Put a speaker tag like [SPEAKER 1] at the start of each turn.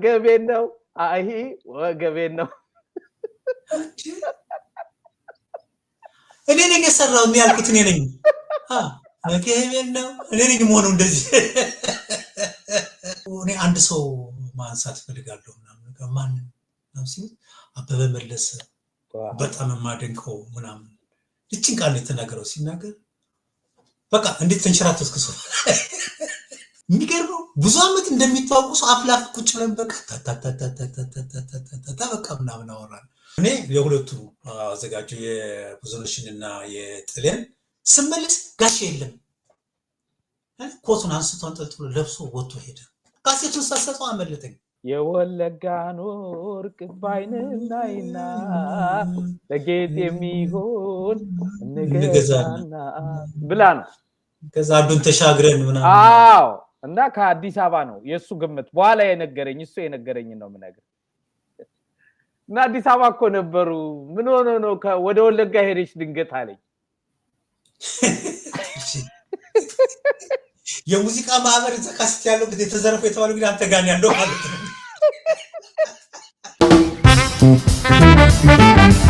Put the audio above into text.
[SPEAKER 1] ወገቤን ነው አይ ወገቤን ነው።
[SPEAKER 2] እኔ ነኝ የሰራው የሚያልኩት እኔ ነኝ። ወገቤን ነው እኔ ነኝ መሆኑ እንደዚህ እኔ አንድ ሰው ማንሳት ፈልጋለሁ። ማንም አበበ መለሰ በጣም የማደንቀው ምናምን ይችን ቃል የተናገረው ሲናገር በቃ እንዴት ተንሸራተትክ ሰው የሚገርም ብዙ ዓመት እንደሚተዋወቁ ሰው አፍላፍ ቁጭ ብለን በቃ በቃ ምናምን አወራን። እኔ የሁለቱ አዘጋጁ እና የጥሌን ስመልስ ጋሽ የለም ኮቱን አንስቶ አንጠልጥሎ ለብሶ ወጥቶ ሄደ። ካሴቱን ሳሰጠው አመለጠኝ።
[SPEAKER 1] የወለጋ ኖር ቅባይንናይና ለጌጥ የሚሆን እንገዛና ብላ ነው።
[SPEAKER 2] ከዛ አንዱን ተሻግረን
[SPEAKER 1] ምናምን እና ከአዲስ አበባ ነው የእሱ ግምት። በኋላ የነገረኝ እሱ የነገረኝ ነው የምነግርህ። እና አዲስ አበባ እኮ ነበሩ። ምን ሆኖ ነው ወደ ወለጋ ሄደች ድንገት አለኝ።
[SPEAKER 2] የሙዚቃ ማህበር ዘካስት ያለው እንግዲህ የተዘረፈ የተባለው እንግዲህ አንተ ጋር ያለው ማለት ነው።